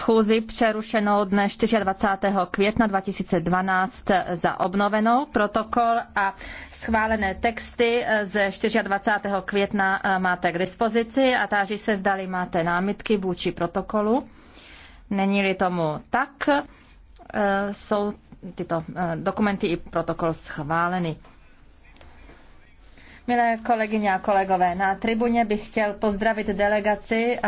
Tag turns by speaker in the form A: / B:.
A: schůzi přerušenou dne 24. května 2012 za obnovenou. Protokol a schválené texty ze 24. května eh, máte k dispozici a táží se, zdali máte námitky vůči protokolu. Není-li tomu tak, eh, jsou tyto eh, dokumenty i protokol schváleny. Milé kolegyně a kolegové, na tribuně bych chtěl pozdravit delegaci